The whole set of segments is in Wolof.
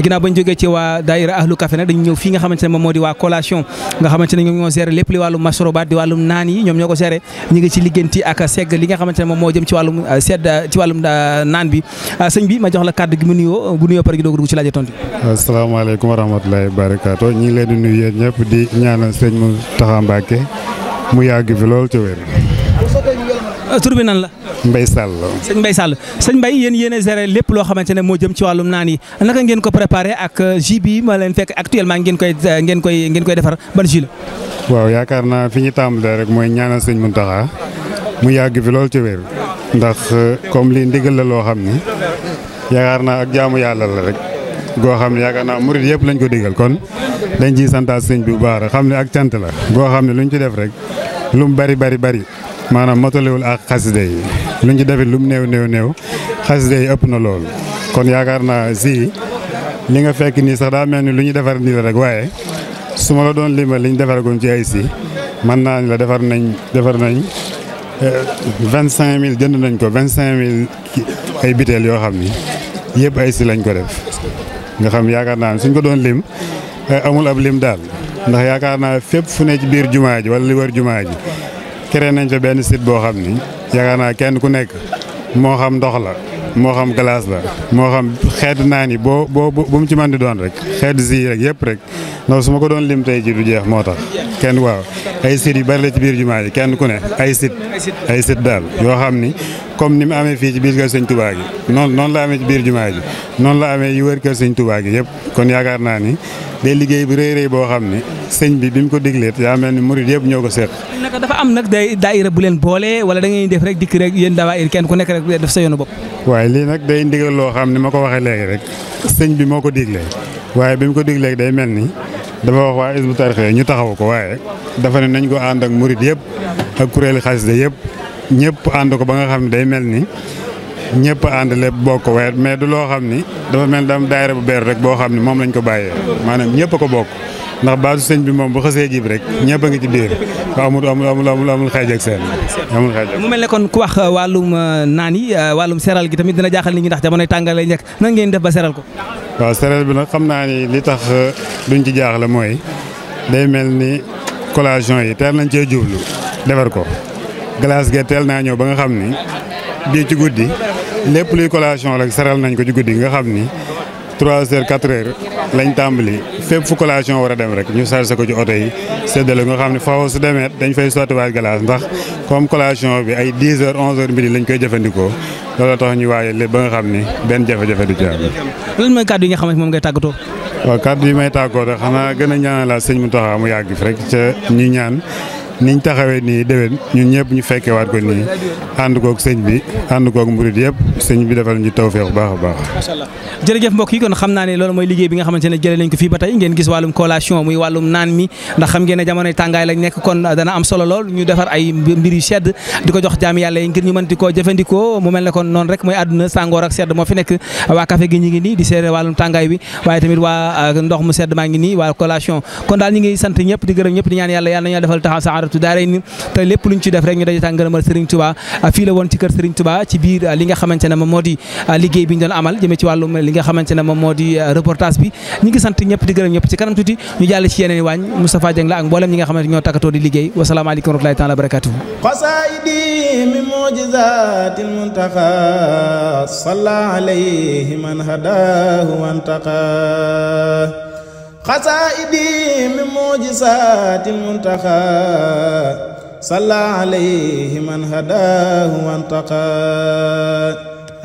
ginnaaw bañ jógee ci waa daayira ahlu café nag dañu ñëw fii nga xamante ne moom moo di waa collation nga xamante ne ñoom ñoo géré lépp li wàllum masrobaat di wàllum naan yi ñoom ñoo ko géré ñu ngi ci liggéenti ak segg li nga xamante ne moom moo jëm ci wàllum euh, euh, naan bi euh, sëñ bi ma jox la kàddu gi mu nuyoo bu nuyoo pare gi doog dugg ci laaj tontu asalaamaaleykum wa rahmatulahi barakaatu ñi ngi leen di nuyu yéen ñëpp di ñaanal sëñ mu taxa Mbàkke mu yàgg fi lool ci wér Euh, tur bi nan la. Mbaye Sall. mbay Mbaye Sall sëñ Mbaye yéen a géré lépp loo xamante ne moo jëm ci wàllum naan yi naka ngeen ko préparé ak euh, jus bi ma leen fekk actuellement ngeen koy euh, ngeen koy ngeen koy defar ban jus la. waaw yaakaar naa fi ñu tàmbalee rek mooy ñaanal sëñ Mountakha mu yàgg fi loolu ci wér. ndax comme lii ndigal la loo xam ni yaakaar naa ak jaamu yàlla la rek. goo xam ne yaakaar naa mu murid yëpp lañ ko déggal kon dañ ciy santaat sëñ bi bu baax xam ne ak cant la goo xam ne luñ ci def rek lu bari bari bari maanaam matalewul ak xasida yi luñ ci defit lu mu néew néew néew xasida yi ëpp na lool kon yaakaar naa si li nga fekk nii sax daa mel ni lu ñu defar nii la rek waaye su ma la doon limal li ñu defaregoon ci ay si mën naa ni la defar nañ defar nañ eh, vingt cinq mille jënd nañ ko vingt cinq mille ay biteel yoo xam ni yëpp ay si lañ ko def nga xam yaakaar naa suñ ko doon lim eh, amul ab lim daal ndax yaakaar naa fépp fu ne ci biir jumaa ji wala li wër jumaa ji créé nañ fa benn site boo xam ni yaakaar naa kenn ku nekk moo xam ndox la moo xam glace la moo xam xeet naa ni boo boo bu mu ci mën di doon rek xeetu si rek yëpp rek loolu su ma ko doon lim tey ji du jeex moo tax kenn waaw ay sites yu bari la ci biir jumaa ji kenn ku ne ay site ay site daal yoo xam ni comme ni mu amee fii ci biir kër sëñ Touba gi noonu noonu la amee ci biir jumaa ji noonu la amee yu wër kër sëñ yëpp kon yaakaar naa ni day liggéey bu rëy rëy boo xam ni sëñ bi bi mu ko digleet yaa mel ni murid yëpp ñoo ko seet naka dafa am nag day daayira bu leen boole da def rek dikk rek yéen daayira kenn ku nekk rek def sa yoonu bopp waaye lii nag day ndigal loo xam ni ma ko waxee léegi rek sëñ bi moo ko diglee waaye bi mu ko diglee day mel ni dafa wax waa Hizbut Tarqiyyah ñu taxaw ko waaye dafa ne nañ ko ànd ak murit yëpp ak kuréeli xasida yëpp ñëpp ànd ko ba nga xam ne day mel ni ñëpp ànd lépp bokk waaye mais du loo xam ni dafa mel dam daayira bu beer rek boo xam ne moom lañ ko bàyyee maanaam ñëpp a ko bokk ndax baasu sëñ bi moom bu xasee jib rek ñëpp a ngi ci biir amul amul amul amul amul xaaj ak seen amul xaaj ak mu mel ne kon ku wax uh, wàllum uh, naan yi uh, wàllum seral gi tamit dina jaaxal ni ngi ndax jamonoy tàngal lay nekk nan ngeen def ba seral ko waaw sereel bi nag xam naa ni li tax duñ ci jaaxle mooy day mel ni collation yi teel nañ cee jublu defar ko glace ge teel naa ñëw ba nga xam ni bii ci guddi lépp luy collation rek seral nañ ko ci guddi nga xam ni 3 heures 4 heures lañ tàmbali fépp fu collation war a dem rek ñu chargé ko ci oto yi séddale nga xam ne faaw su demee dañ fay sottiwaat galaas ndax comme collation bi ay 10 heures 11 heures midi lañ koy jëfandikoo loolu tax ñu waaye lépp ba nga xam ni benn jafe-jafe du ci am. lan mooy kàddu yi nga xam moom ngay tàggatoo. waaw kàddu yi may tàggatoo xanaa gën a ñaanalaat sëñ Mountakha mu yàgg fi rek ca ñi ñaan. niñ taxawee nii déwén ñun ñëpp ñu fekke waat ko nii ànd koog sëñ bi ànd koog murit yëpp sëñ bi defal ñu tawféex baax a baax. macha allah mbokk yi kon xam naa ne loolu mooy liggéey bi nga xamante ne jëlee nañ ko fii ba tey ngeen gis wàllum collation muy wàllum naan sedd di ko jox jaam yàlla yi ngir ñu mën di ko mu mel ne kon noonu rek mooy àdduna sàngoor ak sedd moo fi nekk waa café gi ñi ngi nii di seere wàllum tàngaay bi waaye tamit saadatu daaray ni te lépp ci def rek ñu daje tàng ngërëmal Serigne Touba ah, fii ci kër Serigne Touba ci biir ah, li nga xamante ne moom ah, liggéey bi ñu amal jëmee ci wàllum li nga bi ñu ngi sant di gërëm ñëpp ci kanam tuuti ñu jàll ci yeneen waañ Moustapha Dieng la ak mboolem ñi nga xamante ñoo takkatoo di liggéey wasalaamaaleykum wa rahmatullahi taala wa barakatuhu qasaidi min mujizatil muntaqa salla alayhi man hadahu wantaqa xasaa'idi min mu'jizaatil muntaxaa salla alayhi man hadaahu wantaqaa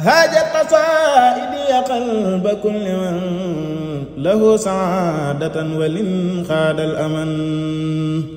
haajat qasaa'idi ya qalba kulli man lahu saadatan walin xaadal aman